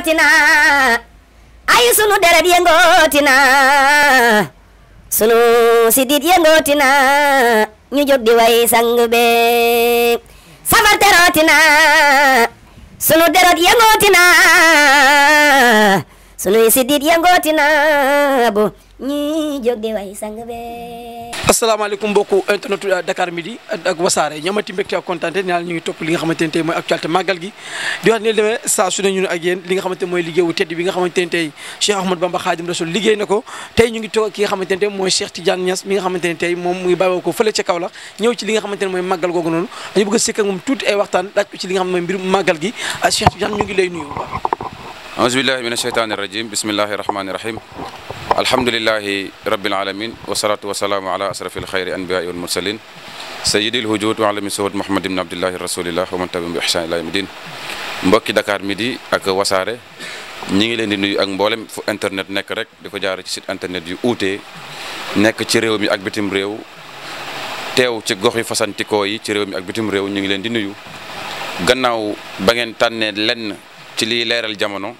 yëngootina ay sunu deret yëngootina sunu sidit yëngootina ñu jóg di way sang be safar terootina sunu deret yëngootina sunuy sidit yëngootina bu ñi jóge way sang be asalaamaaleykum mbokku internet Dakar midi ak wasaare ñamati mbégte ak kontaante naa ñu ngi topp li nga xamante ne tey mooy actualité màggal gi di wax ne demee saa su ne ñu ne ak mooy liggéeyu tedd bi nga xamante ne tey Cheikh Ahmadou Bamba Khadim Rasoul liggéey na ko tey ñu ngi toog ki nga xamante ne tey mooy Cheikh Tidiane Niass mi nga xamante ne tey moom mu ngi ko fële ca Kaolack ñëw ci li nga mooy màggal googu a sëkk ak moom tuuti ñu ngi lay nuyu auzu billahi alhamdulilahi rabbil alamin wasalatu wasalaamu ala asrafi alxayri anbiyaai wal mursalin sayidil hujud wa alami sawat muhammad ibn abdillahi rasulillah wa man tabiam bi ihsan ila yawmiddin mbokki Dakar midi ak wasaare ñi ngi leen di nuyu ak mboolem fu internet nekk rek di ko jaar ci site internet yu uute nekk ci réew mi ak bitim réew teew ci gox yu fasantikoo yi ci réew mi ak bitim réew ñu ngi leen di nuyu gannaaw ba ngeen tànnee lenn ci liy leeral jamono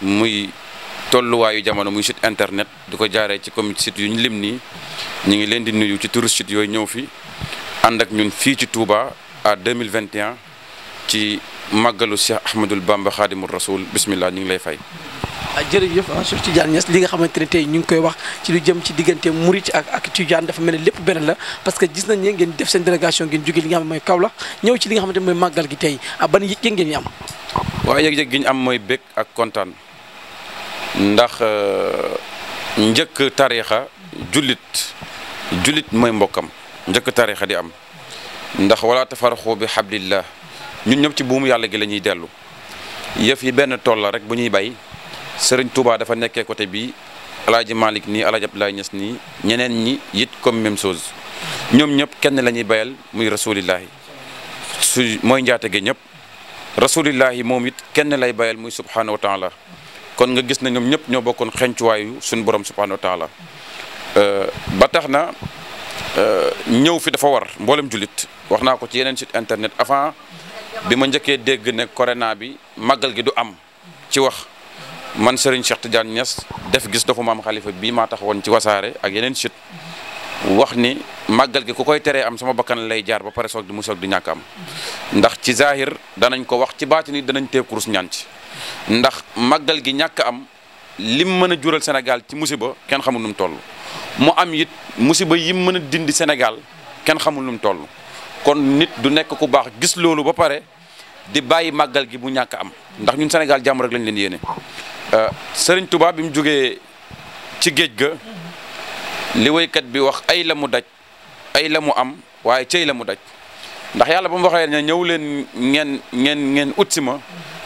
muy tolluwaayu jamono muy site internet di ko jaaree ci comme site yu ñu lim nii ñu ngi leen di nuyu ci touriste site yooyu ñëw fi ànd ak ñun fii ci Touba à 2021 ci màggalu Cheikh Ahmadul Bamba Xaadimul Rasul bismillah ñu ngi lay fay. Ah, jërëjëf ah, Cheikh Tidiane Niass li nga xamante ne tey ñu ngi koy wax ci lu jëm ci diggante Murit ak ak Tidiane dafa mel ne lépp benn la parce que gis nañ ne ngeen def seen délégation ngeen jóge li nga xam ne mooy Kaolack ñëw ci li nga xamante ne mooy màggal gi tey ah, ban yëg ngeen ñu am. waaye yëg-yëg gi ñu am mooy bég ak kontaan. ndax euh, njëkk tariixa jullit jullit mooy mbokkam njëkk tariixa di am ndax walaata tafarxu bi xablillah ñun ñëpp ci buumu yàlla gi la ñuy dellu yëf yi benn tool la rek bu ñuy bay sëriñ Touba dafa nekkee côté bii alaaji malik nii alaaji Abdoulaye Niass nii ñeneen ñi it comme même sos ñoom ñëpp kenn la ñuy bayal muy rasulillahi su mooy njaate gi ñëpp rasulillahi moom it kenn lay bayal muy subhanahu wa taala kon nga gis ne ñoom ñëpp ñoo bokkoon xencuwaayu suñu borom subhanahu wa taala euh, ba tax na euh, ñëw fi dafa war mboolem jullit wax naa ko ci yeneen site internet avant bi ma njëkkee dégg ne corona bi màggal gi du am ci wax man Serigne Cheikh Tidiane Niass def gis dofu maam xalifa bii maa tax woon ci wasaare ak yeneen sit wax ni màggal gi ku koy teree am sama bakkan lay jaar ba pare soog di musoog di ñàkk am ndax ci zahir danañ ko wax ci baatini danañ teew kurus ñaan ci ndax màggal gi ñàkk am lim mën a jural Sénégal ci musiba kenn xamul nu mu toll mu am it musiba yim mën a dindi Sénégal kenn xamul nu mu kon nit du nekk ku baax gis loolu ba pare di bàyyi màggal gi mu ñàkk am ndax ñun Sénégal jàmm rek leen yéene euh, Sëriñ tubaab bi mu jógee ci géej ga li waykat bi wax ay la mu daj ay la mu am waaye cëy la mu daj ndax yàlla ba mu waxee ne ñëw leen ngeen ngeen ngeen ut ma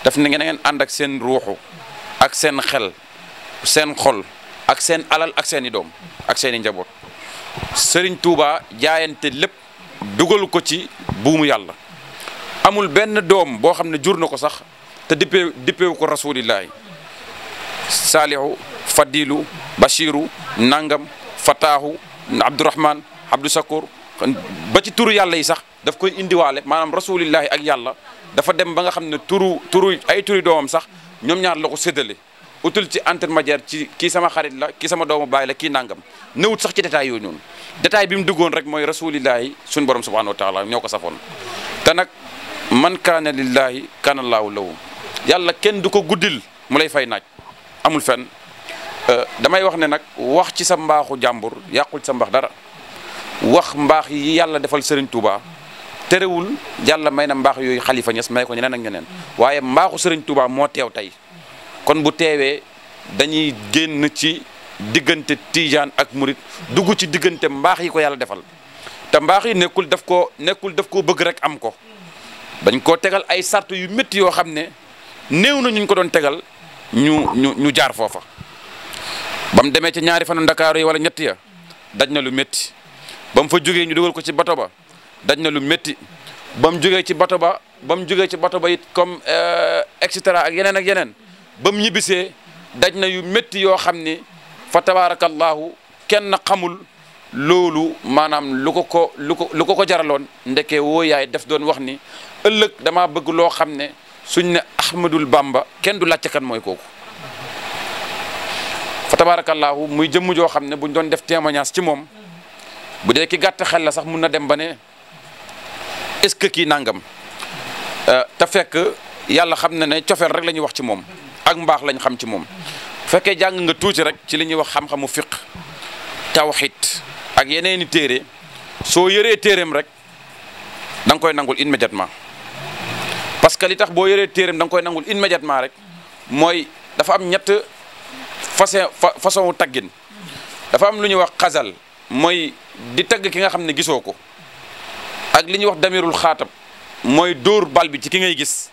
daf ne ngeen ànd ak seen ruuxu ak seen xel seen xol ak seen alal ak seeni doom ak seeni njaboot Serigne Touba jaayante lépp dugal ko ci buumu yàlla amul benn doom boo xam ne jur na ko sax te dippee dippeewu ko rasulillahi saalihu fadilu bachiru nangam fataahu abdourahman abdou sakour ba ci turu yàlla yi sax daf koy indiwaale maanaam rasulillahi ak yàlla dafa dem ba nga xam ne turu turu ay turi doomam sax ñoom ñaar la ko séddale utul ci intermédiaire ci kii sama xarit la ki sama doomu baay la kii nangam nëwut sax ci détail yooyu noonu détail bi mu duggoon rek mooy rasulillahi suñu borom subhanahu wa taala ñoo ko safoon te nag man kaana lillahi kaana laahu lahu yàlla kenn du ko guddil mu lay fay naaj amul fenn euh, damay wax ne nag wax ci sa mbaaxu jàmbur yàqul sa mbaax dara wax mbaax yi yàlla defal sëriñ Touba terewul yàlla may na mbaax yooyu xalifa Niass may ko ñeneen ak ñeneen waaye mbaaxu sëriñ Touba moo teew tey kon bu teewee dañuy génn ci diggante Tijaan ak Murit dugg ci diggante mbaax yi ko yàlla defal te mbaax yi nekkul daf koo nekkul daf koo bëgg rek am ko dañ koo tegal ay sart yu métti yoo xam ne néew na ñuñ ko doon tegal ñu ñu ñu jaar foofa bam demee ci ñaari fanu Ndakaaru yi wala ñett ya daj na lu métti. ba fa jógee ñu dugal ko ci bato ba daj na lu métti ba mu jógee ci bato ba ba mu jógee ci bato ba it comme euh, et cetera ak yeneen ak yeneen ba ñibbisee daj na yu metti yoo xam ni fa tabaarakallaahu kenn xamul loolu maanaam lu ko ko lu ko lu ko ko jaraloon ndeke woo yaay def doon wax ni ëllëg damaa bëgg loo xam ne suñ ne Ahmadul Bamba kenn du laajte kan mooy kooku fa tabaarakallaahu muy jëmm joo xam ne buñ doon def témoignage ci moom bu dee ki gàtt xel la sax mun na dem ba ne est-ce que kii nangam euh, te fekk yàlla xam na ne cofeel rek la ñuy wax ci moom ak mbaax lañ xam ci moom bu fekkee jàng nga tuuti rek ci li ñuy wax xam-xamu fiq tawxid ak yeneeni téere soo yëree téereem rek dang nga koy nangul immédiatement parce que li tax boo yëree téereem da nga koy nangul immédiatement rek mooy dafa am ñett façon façon taggin dafa am lu ñuy wax xasal mooy di tagg ki nga xam ne gisoo ko ak li ñuy wax damirul xaatam mooy dóor bal bi ci ki ngay gis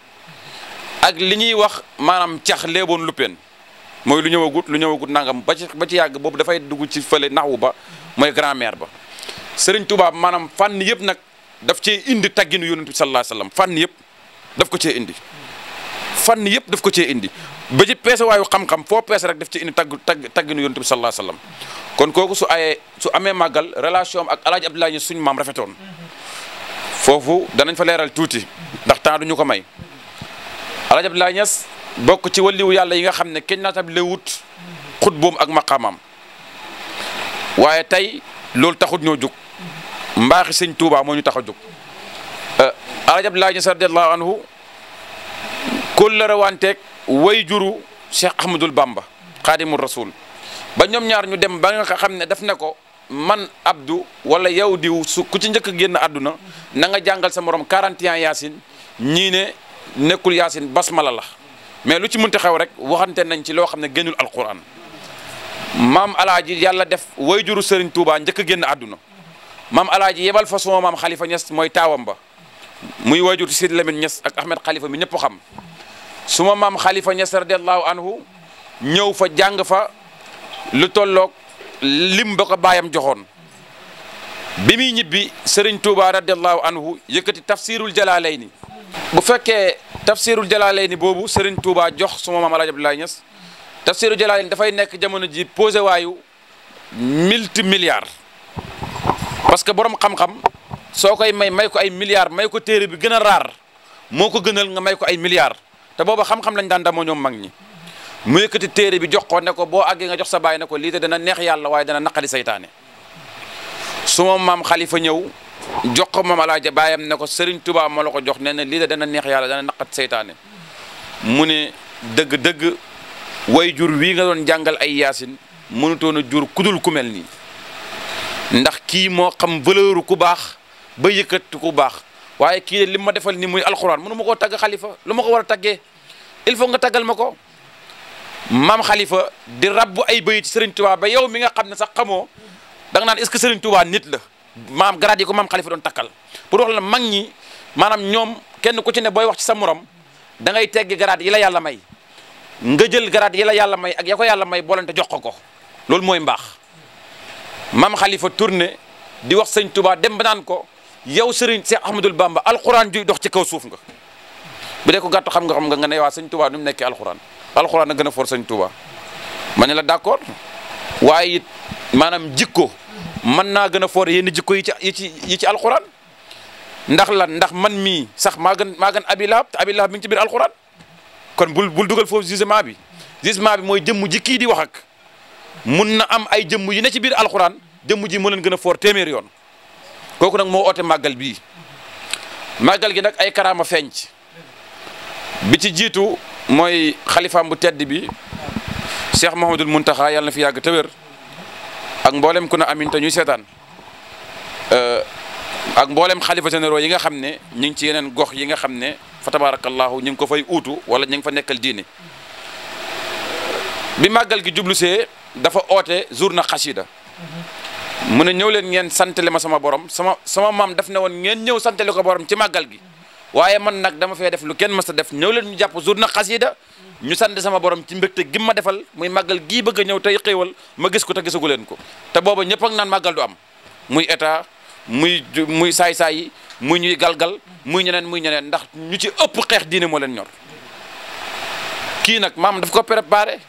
ak li ñuy wax maanaam cax leeboon léeboon luppeen mooy lu ñëwagut lu ñëwagut nangam nagam ci ba ci yàgg boobu dafay dugg ci fële naxwu ba mooy grammaire ba Sëriñ tubaab maanaam fànn yëpp nag daf cee indi tagginu yonent bi sallallahu alayhi wasallam fànn yëpp daf ko cee indi fànn yëpp daf ko cee indi ba ci peesewaayu xam-xam foo peese rek def ci indi tagg tagg tagginu yonent bi sallallahu alayhi wasallam kon kooku su ayee su amee màggal relation ak ak alaaji Abdoulaye suñ maam rafetoon foofu danañ fa leeral tuuti ndax temps du ñu ko may alaaji Abdoulaye Niass bokk ci waliwu yàlla yi nga xam ne kenn naatab lewut xutboom ak maqaamam waaye tey loolu taxut ñoo jug mbaaxi sëñ Touba moo ñu tax a jug euh, alaaji Abdoulaye Niass radiyallahu anhu kóllëre wanteeg way juru Cheikh Ahmadul Bamba xaadimul rasul ba ñoom ñaar ñu dem ba nga xam ne daf ne ko man Abdou wala yow diw su ku ci njëkk a génn àdduna na nga jàngal sa morom 41 yaasin ñii ne nekkul yaasin basmala la mais lu ci mënta xew rek waxante nañ ci loo xam ne génnul alquran maam alaaji yàlla def way juru Serigne Touba njëkk a génn àdduna maam alaaji yebal fa suma maam Khalifa Niass mooy taawam ba muy way juru Sidi Lamine Niass ak Ahmed xalifa mi ñëpp xam suma maam xalifa ñas radiallahu anhu ñëw fa jàng fa lu tolloog lim ba ko baayam joxoon bi muy ñibbi sëriñ Touba radiallahu anhu yëkkati tafsirul jalaalayni bu fekkee tafsirul jalaalayni boobu sëriñ Touba jox suma maam Alaaji Abdoulaye Niass tafsirul jalaalayni dafay nekk jamono ji posé waayu multi milliards parce que borom xam-xam soo koy may may ko ay milliards may ko téere bi gën a raar moo ko gënal nga may ko ay milliards te booba xam-xam lañ daan damoo ñoom mag ñi mu yëkkati téere bi jox ko ne ko boo àggee nga jox sa baay ne ko lii te dana neex yàlla waaye dana naqari saytaane su maam xalifa ñëw jox ko maam alaaja baayam ne ko sëriñ tubaab moo la ko jox ne ne lii te dana neex yàlla dana naqat seytaane mu ne dëgg-dëgg way jur wii nga doon jàngal ay yasin mënutoon a jur kudul ku mel nii ndax kii moo xam valeur ku baax ba yëkkati ku baax waaye kii de li ma defal ni muy alxuraan mënu ma koo tagg xalifa lu ma ko war a taggee il faut nga taggal ma ko maam xalifa di rabbu ay bayit Serigne Touba ba yow mi nga xam ne sax xamoo danga naan est ce que Serigne Touba nit la maam grade yi ko maam xalifa doon takkal pour wax la mag ñi maanaam ñoom kenn ku ci ne booy wax ci sa morom da ngay teggi grade yi la yàlla may nga jël grade yi la yàlla may ak yako yàlla may boolante jox ko ko loolu mooy mbaax maam xalifa tourné di wax sëñ Touba dem ba naan ko yow Serigne Cheikh Ahmadul Bamba alxuraan juy dox ci kaw suuf nga. bu dee ko gàttu xam nga xam nga nga ne waa sëñ Touba nu mu nekkee alxuraan alxuraan a gën a for sëñ Touba ma ne d'accord waaye it maanaam jikko mën naa gën a for yenn jikko yi ci yi ci yi ci alxuraan ndax lan ndax man mii sax maa gën maa gën abilab te abilab mi ngi ci biir alxuraan kon bul bul dugal foofu jugement bi jugement bi mooy jëmmu ji kii di wax ak mun na am ay jëmm yi ne ci biir alxuraan jëmm ji mu leen gën a for téeméer yoon kooku nag moo oote màggal bi màggal gi nag ay karaama feeñ ci bi ci jiitu mooy xalifaam bu tedd bi Cheikh Mouhamadul Mountakha yàlla na fi yàgg te ak mboolem ku ne amin te ñuy seetaan euh, ak mboolem xalifa généraux yi nga xam ne ñu ngi ci yeneen gox yi nga xam ne fa tabaarakallaahu ñu ngi ko fay uutu wala ñu ngi fa nekkal diine bi màggal gi jublu see dafa oote journée xasida mu ne ñëw leen ngeen santale ma sama borom sama sama maam daf ne woon ngeen ñëw santale ko borom ci màggal gi waaye man nag dama fee def lu kenn mës a def ñëw leen ñu jàpp journée xasida ñu sant sama borom ci mbégte gi ma defal muy màggal gii bëgg a ñëw tey xéewal ma gis ko te gisagu leen ko te booba ñëpp naan màggal du am muy état muy muy saay-saay muy ñuy galgal muy ñeneen muy ñeneen ndax ñu ci ëpp xeex diine moo leen ñor kii nag maam def ko préparé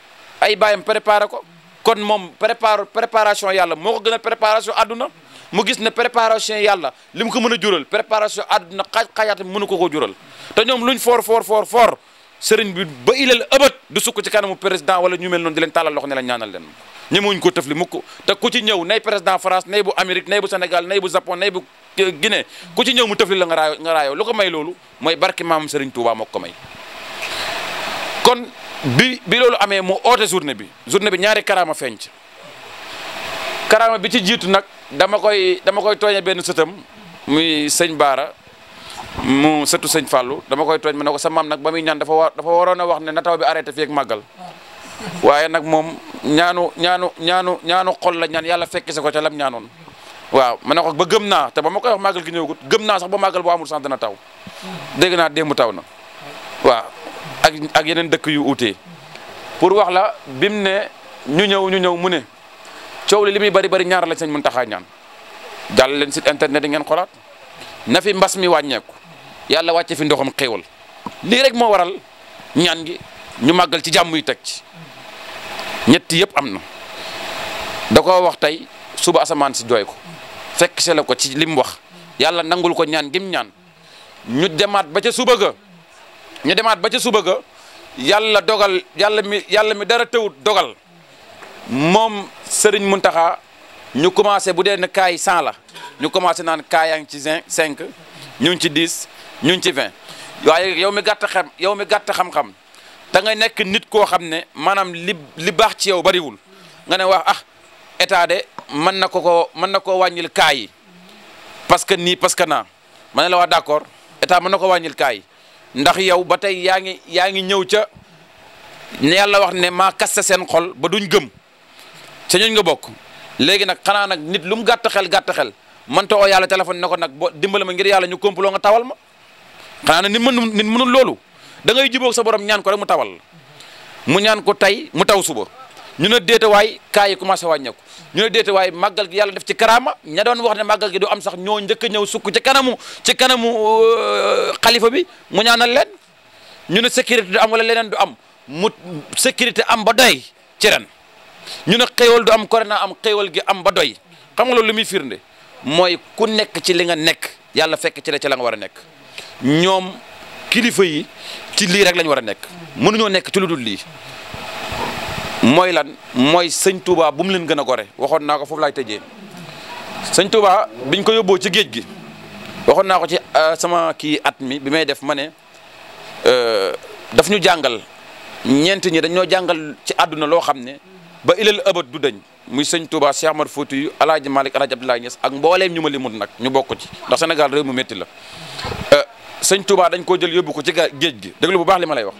ay baayam préparer ko kon moom prépar préparation yàlla moo ko gën a préparation àdduna mu gis ne préparation yàlla li mu ko mën a jural préparation àdduna xaaj xaajaatam mënu ko jural te ñoom luñ foor foor foor foor sëriñ bi ba ilal ëbët du sukk ci kanamu président wala ñu mel noonu di leen tàllal loxo ne la ñaanal leen ñemewuñ ko tëfli mukk te ku ci ñëw nay président France nay bu Amérique nay bu Sénégal nay bu Japon nay bu eh, Guinée ku ci ñëw mu tëfli la nga raayoo nga raayoo lu ko may loolu mooy barki maamam sëriñ Touba moo ko may kon bi bi loolu amee mu oote journée bi journée bi ñaari karaama feeñ bi ci jiitu nag dama koy dama koy tooñe benn sëtam muy sëñ Baara mu sëtu sëñ falu dama koy tooñ ma ne ko sa maam nag ba muy ñaan dafa war waroon a wax ne na taw bi arrêté fii ak màggal waaye nag moom ñaanu ñaanu ñaanu ñaanu xol la ñaan yàlla fekki sa ko ca lam ñaanoon waaw ma ne ko ba gëm naa te ba ma koy wax màggal gi ñëwagut gëm naa sax ba màggal boo amul sax dana taw dégg naa démb taw na waaw ak yeneen dëkk yu uutee pour wax la bim ne ñu ñëw ñu ñëw mu ne coow li li muy bari bëri ñaar lañ sañ mun taxaa ñaan jàll leen site internet yi na fi mbas mi wàññeeku yàlla wàcce fi ndoxam xéewal lii rek moo waral ñaan gi ñu màggal ci jàmm yi teg ci ñetti yëpp am na da koo wax tey suba asamaan si jooy ko fekk se ko ci li mu wax yàlla nangul ko ñaan gim ñaan ñu demaat ba ca suba ga ñu demaat ba ca suba ga yàlla dogal yàlla mi yàlla mi dara tëwut dogal moom Serigne Mountakha ñu commencé bu dee na cas yi 100 la ñu commencé naan cas yaa ngi ci 5 ñu ngi ci 10 ñu ngi ci 20 waaye yow mi gàtt xam yow mi gàtt xam-xam da ngay nekk nit koo xam ne maanaam li li baax ci yow bariwul nga ne wax ah état de mën na ko ko mën na koo wàññil cas yi parce que nii parce que naa ma ne la wax d'accord état mën na ko wàññil cas ndax yow ba tey yaa ngi yaa ngi ñëw ca ne yàlla wax ne maa kasta seen xol ba duñ gëm. se ñooñ nga bokk léegi nag xanaa nag nit lu mu gàtt xel gàtt xel mënta oo yàlla téléphone ne ko nag boo dimbale ma ngir yàlla ñu complot nga tawal ma xanaa nag nit mënu nit loolu dangay ngay jubóog sa borom ñaan ko rek mu tawal mu ñaan ko tey mu taw suba ñu ne déetawaay kaa yi commencé wàññeeku ñu ne déetawaay màggal gi yàlla def ci karaama ña wax ne màggal gi du am sax ñoo njëkk a ñëw sukk ci kanamu ci kanamu euh, xalifa bi mu ñaanal leen ñu ne sécurité du am wala leneen du am mu sécurité am ba doy ci ren ñu ne xéewal du am corona am xéewal gi am ba doy xam nga loolu lu muy firnde mooy ku nekk ci li nga nekk yàlla fekk ci la ci la nga war a nekk ñoom kilifa yi ci lii rek la ñu war a nekk mënuñoo nekk ci lu dul lii mooy lan mooy sëñ Touba bu mu leen gën a gore waxoon naa ko foofu laay tëjee sëñ Touba biñ ko yóbboo ci géej gi waxoon naa ko ci euh, sama kii at mi bi may def ma ne euh, daf ñu jàngal ñeent ñi dañoo jàngal ci àdduna loo xam ne. ba ilal abad du dañ muy sëñ Touba Cheikh Amar Fouti yu alaaji Malick alaaji Abdoulaye Niass ak mbooleem ñu ma limut nag ñu bokk ci ndax Sénégal réew mu métti la euh, sëñ Touba dañ koo jël yóbbu ko ci géej gi déglu bu baax li ma lay wax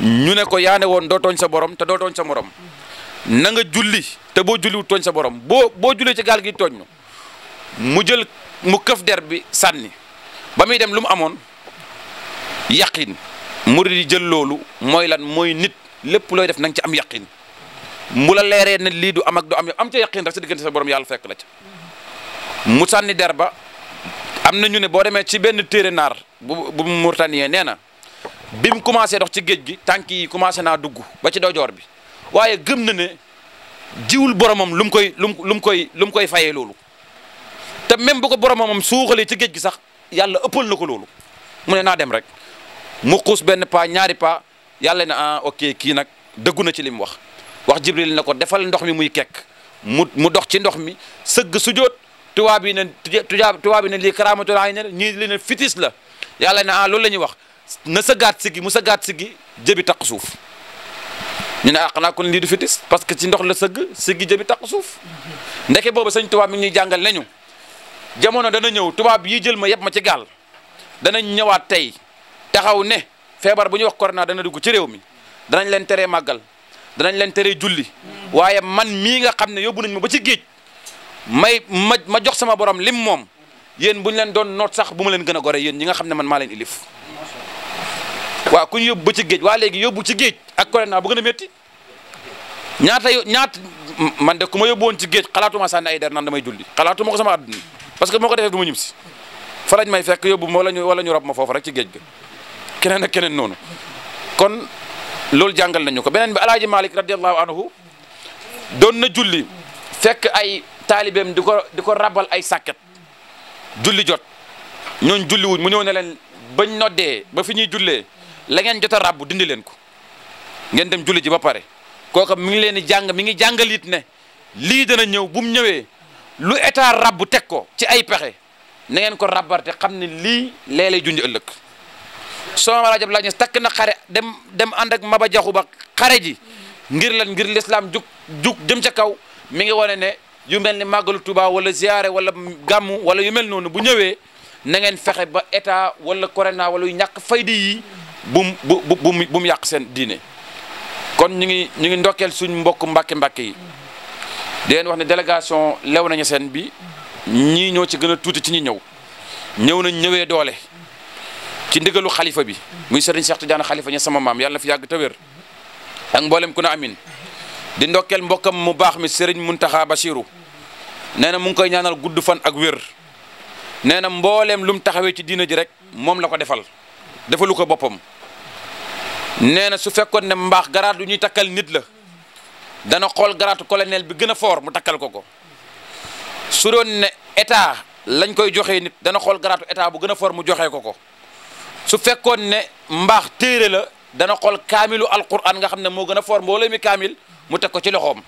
ñu ne ko yaane woon doo tooñ sa borom te doo tooñ sa morom na nga julli te boo julliwut tooñ sa borom boo boo julli ci gaal gi tooñ ñu mu jël mu këf der bi sànni ba muy dem lu mu amoon yaqin murid yi jël loolu mooy lan mooy nit lépp looy def na ci am yaqin mu la leeree ne lii du am ak du am am ca yaqin rek sa diggante sa borom yàlla fekk la ca mu sànni der ba am na ñu ne boo demee ci benn téere naar bu bu Mauritanie nee na bi mu commencé dox ci géej gi tànk yi commencé naa dugg ba ci dojoor bi waaye gëm na ne jiwul boromam lu mu koy lu mu koy lu mu koy fayee loolu te même bu ko boromam suuxalee ci géej gi sax yàlla ëppal na ko loolu mu ne naa dem rek mu kuus benn pas ñaari pas yàlla na ah ok kii nag dëggu na ci li mu wax. wax jibril na ko defal ndox mi muy kekk mu mu dox ci ndox mi sëgg sujjóot tuwaab yi ne tubaab yi ne lii karaamatul ay ne ñii li ne fitis la yàlla ne ah loolu la ñuy wax na sëggaat siggi mu sëggaat siggi jëbi taq suuf ñu ne ah lii du fitis parce que ci ndox la sëgg siggi jëbi taq suuf ndeke boobu sëñ tubaab mi ngi ñuy jàngal nañu jamono dana ñëw tubaab yi jël ma yëpp ma ci gaal danañ ñëwaat tey taxaw ne feebar bu ñuy wax corona dana dugg ci réew mi danañ leen teree màggal danañ leen tere julli waaye man mii nga xam ne yóbbu nañ ma ba ci géej may ma ma jox sama borom lim moom yéen bu ñu leen doon noot sax bu ma leen gën a gore yéen ñi nga xam ne man maa leen ilif waaw ku ñu yóbbu ba ci géej waa léegi yóbbu ci géej ak ko naa bu gën a métti ñaata ñaata man de ku ma yóbbu ci géej xalaatuma sànni ay der naan damay julli xalaatuma ko sama àdduna parce que moo ko defee du ma ñibbisi fa lañ may fekk yóbbu ma wala ñu wala ñu rob ma foofu rek ci géej ga keneen a keneen noonu loolu jàngal nañu ko beneen bi alaaji malik radiallahu anhu doon na julli fekk ay taalibeem di ko di ko rabal ay sàkket julli jot ñooñ julli wuñ mu ñëw ne leen bañ noddee ba fi ñuy jullee la ngeen jot a rabbu dindi leen ko ngeen dem julli ji ba pare kooka mi ngi leen di jàng mi ngi jàngalit ne lii dana ñëw bu ñëwee lu état rabbu teg ko ci ay pexe na ngeen ko rabarte xam ne lii lee lay junj ëllëg soo ma laajab laaj takk na xare dem dem ànd ak Maba Jaxu Ba xare ji ngir lan ngir lislaam jug jug jëm ca kaw mi ngi wane ne yu mel ni màggalu Tuubaa wala ziyaare wala gàmmu wala yu mel noonu bu ñëwee nangeen ngeen fexe ba état wala corona wala yu ñàkk faydi yi bum bu mu yàq seen diine kon ñu ngi ñu ngi ndokkeel suñ mbokk mbàkke mbàkke yi di wax ne délégation lew nañu seen bi ñii ñoo ci gën a tuuti ci ñi ñëw ñëw nañ ñëwee doole ci ndigalu xalifa bi muy Serigne Cheikh Tidiane xalifa ña sama maam yàlla na fi yàgg ta wér ak mboolem ku na amin di ndokkeel mbokkam mu baax mi Serigne Mountakha Bassirou nee na mu ngi koy ñaanal gudd fan ak wér nee na mbooleem lu mu taxawee ci diina ji rek moom la ko defal defalu ko boppam nee na su fekkoon ne mbaax garaat lu ñuy takkal nit la dana xool garaatu colonel bi gën a fort mu takkal ko ko su doon ne état lañ koy joxee nit dana xool garaatu état bu gën a fort mu joxee ko ko su fekkoon ne mbaax téere la dana xool kaamilu alquran nga xam ne moo gën a for mbooloo mi kaamil mu teg ko ci loxoom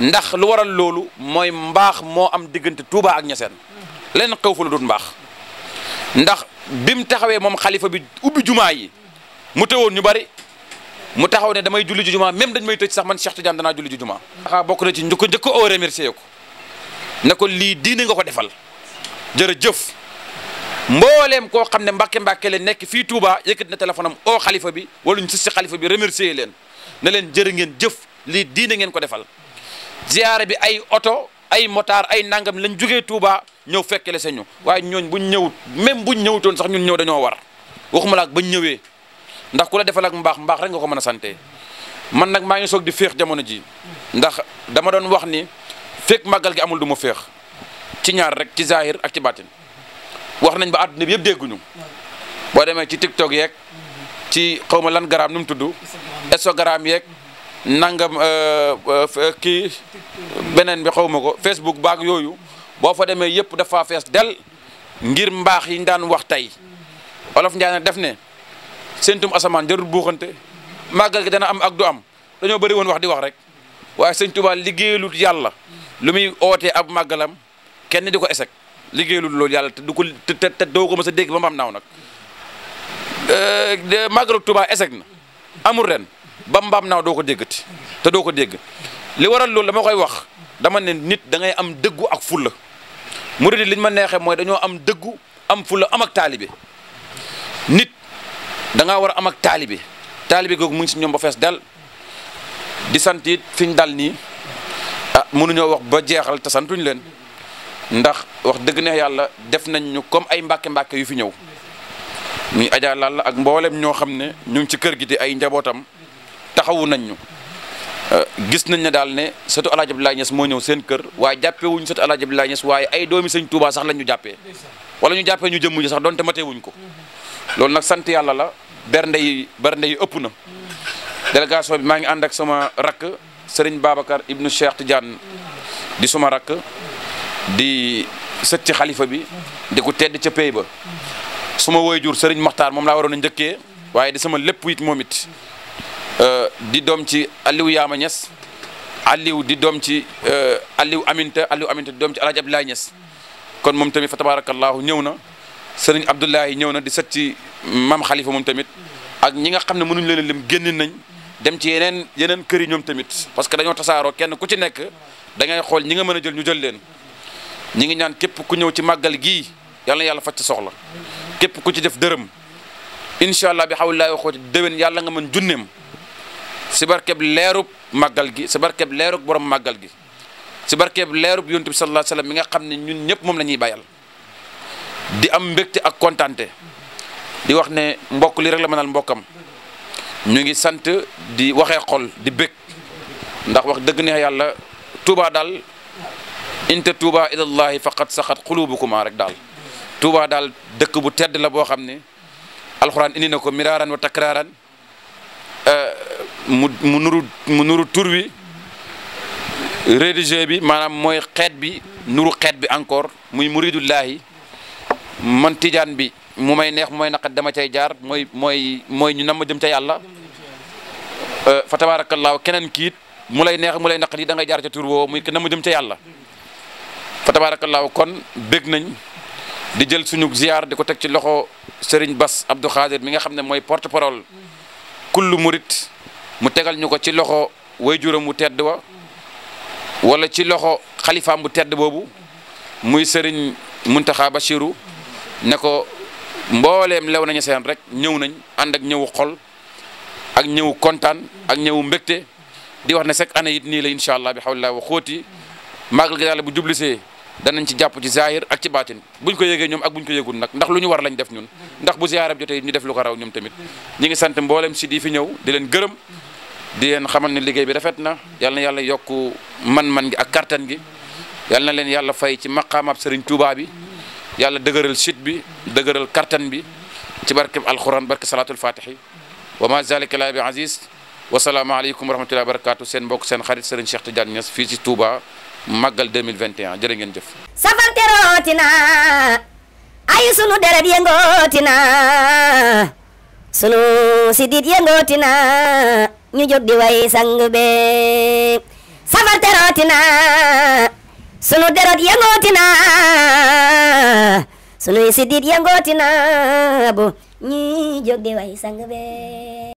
ndax lu waral loolu mooy mbaax moo am diggante Touba ak Niassène leen xew fa lu dul mbaax ndax bim taxawee moom xalifa bi ubbi jumaa yi mu teewoon ñu bari mu taxaw ne damay julli ji jumaa même dañ may tëj sax man Cheikh Tidiane danaa julli ji jumaa. xaa bokk na ci njëkko njëkko oo remercier ko ne ko lii diine nga ko defal jërëjëf. mbooleem koo xam ne mbàkke mbàkke leen nekk fii Touba yëkkati na téléphone am xalifa bi wala ñu sës si xalifa bi remercier leen ne leen jërë ngeen jëf lii diine ngeen ko defal ziyaare bi ay oto ay motaar ay nangam lañ jógee Touba ñëw fekkele sa ñu waaye ñooñ buñ ñëwut même buñ ñëwutoon sax ñun ñëw dañoo war waxuma ba bañ ñëwee ndax ku la defal ak mbaax mbaax rek nga ko mën a sante man nag maa ngi soog di féex jamono ji ndax dama doon wax ni fekk màggal gi amul du ma féex ci ñaar rek ci zahir ak ci wax nañ ba àdduna bi yëpp dégguñu boo demee ci tiktok yeeg ci xaw ma lan garaam nu mu tudd Instagram yeeg nangam euh, euh, kii beneen bi xaw ma ko Facebook baag yooyu boo fa demee yëpp dafa fees dal ngir mbaax yi ñu daan wax tey olof Ndiaye nag def ne seentum asamaan jarul buuxante màggal gi dana am ak du am dañoo bëri woon wax di wax rek waaye sëñ Tuubaa liggéeyalut yàlla lu muy oote ab màggalam kenn di ko esek liggéeyalul loolu yàlla te du ko te doo ko mës a dégg ba mu am naaw nag euh, Màggalu Tuubaa échec na amul ren ba mbaam naaw doo ko déggati te doo ko dégg li waral loolu dama koy wax dama ne nit da ngay am déggu ak fulla murid li ñu ma neexee mooy dañoo am dëggu am fulla am ak taalibe nit danga ngaa war a am ak taalibe taalibe googu mu si ñoom ba fees dal di sant it fi dal nii ah mënuñoo wax ba jeexal te santuñ leen. ndax wax dëgg neex yàlla def nañ ñu comme ay mbake mbàkke yu fi ñëw muy Adja Lalla ak mboolem ñoo xam ne ñu ngi ci kër gi di ay njabootam taxawu nañ ñu euh, gis nañ ne daal ne sëtu El Hadj Abdoulaye Niass moo ñëw seen kër waaye jàppewuñ wuñ sëtu El Hadj Abdoulaye Niass waaye ay doomi sëñ Touba sax lañ ñu jàppee wala ñu jàppee ñu jëmm ji sax donte matee wuñ ko loolu nag sant yàlla la bernde yi bernde ëpp na délégation bi maa ngi ànd ak sama rakk Serigne Babacar Ibnu Cheikh Tidiane di sama rakk. di sët ci xalifa bi di ko tedd ca pay ba suma jur Serigne Maxtaar moom laa waroon a njëkkee waaye di sama lépp it moom it euh, di doom ci Aliou Yaama Ñas Aliou di doom ci euh, Aliou Aminta Aliou Aminta di doom ci El Hadj Abdoulaye Ñas kon moom tamit fa tabaarakallaahu ñëw na Serigne Abdoulaye ñëw na di sët ci maam xalifa moom tamit ak ñi nga xam ne mënuñ leen a lim génn nañ dem ci yeneen yeneen kër yi ñoom tamit parce que dañoo tasaaroo kenn ku ci nekk da xool ñi nga mën a jël ñu jël leen. ñi ngi ñaan képp ku ñëw ci màggal gii yàlla yàlla faj ci soxla képp ku ci def dërëm incha allah bi xawlilaay waxoo ci déwén yàlla nga mën junneem si barkeb leerub màggal gi si barkeb leerub borom màggal gi si barkeb leerub yontu bi sallallahu alayhi mi nga xam ne ñun ñëpp moom la ñuy bàyyal di am mbégte ak kontante di wax ne mbokk li rek la mënal mbokkam ñu ngi sant di waxee xol di bëgg ndax wax dëgg ne yàlla Touba daal inte tuuba ilallahi faqad saxat xuluubukuma rek daal tuuba daal dëkk bu tedd la boo xam ne alxuraan indi na ko miraaran wa takraaran eh, mu nuru mu nuru tur wi rédigé bi maanaam mooy xeet bi nuru xeet bi encore muy muridullahi man tijaan bi mu may neex mooy may naqat dama cay jaar mooy mooy mooy ñu nam ma jëm ca yàlla eh, fa tabaarakallaahu keneen kiit mu lay neex mu lay naqat yi da ngay jaar ca tur woo muy ke nam ma jëm ca yàlla fa tabaarakallaahu kon bég nañ di jël suñu ziar di ko teg ci loxo Serigne bas Abdou Khadir mi nga xam ne mooy porte parole kullu murit mu tegal ñu ko ci loxo wayjuram mu tedd wa wala ci loxo xalifaam bu tedd boobu muy Serigne Mountakha Bachirou ne ko mbooleem lew nañu seen rek ñëw nañ ànd ak ñëwu xol ak ñëwu kontaan ak ñëwu mbégte di wax ne sek année it nii la incha allah bi xawlilaa wa xóoti màggal gi daal bu jublisee danañ ci jàpp ci zahir ak ci baatin buñ ko yëgee ñoom ak buñ ko yëgul nag ndax lu ñu war lañ def ñun ndax bu ziyaara bi jotee ñu def lu ko raw ñoom tamit ñi ngi sant mboolem si di fi ñëw di leen gërëm di leen xamal ne liggéey bi rafet na yal na yàlla yokku man-man gi ak kartan gi yal na leen yàlla fay ci maqaamab sëriñ Touba bi yàlla dëgërël site bi dëgëral kartan bi ci barkeb alquran barke salaatul fatihi wa ma zalika la bi aziz wasalaamaaleykum wa rahmatullahi wa barakatu mbokk seen xarit sëriñ Cheikh Tidiane Niass fii ci Touba màggal 2021 jërë ngeen jëf safar terooti na ay sunu deret yëngooti na sunu sidit yëngooti na ñu jóg di way sang safar terooti na sunu deret yëngooti na sunuy sidit yëngooti na bu ñu jóg di way sang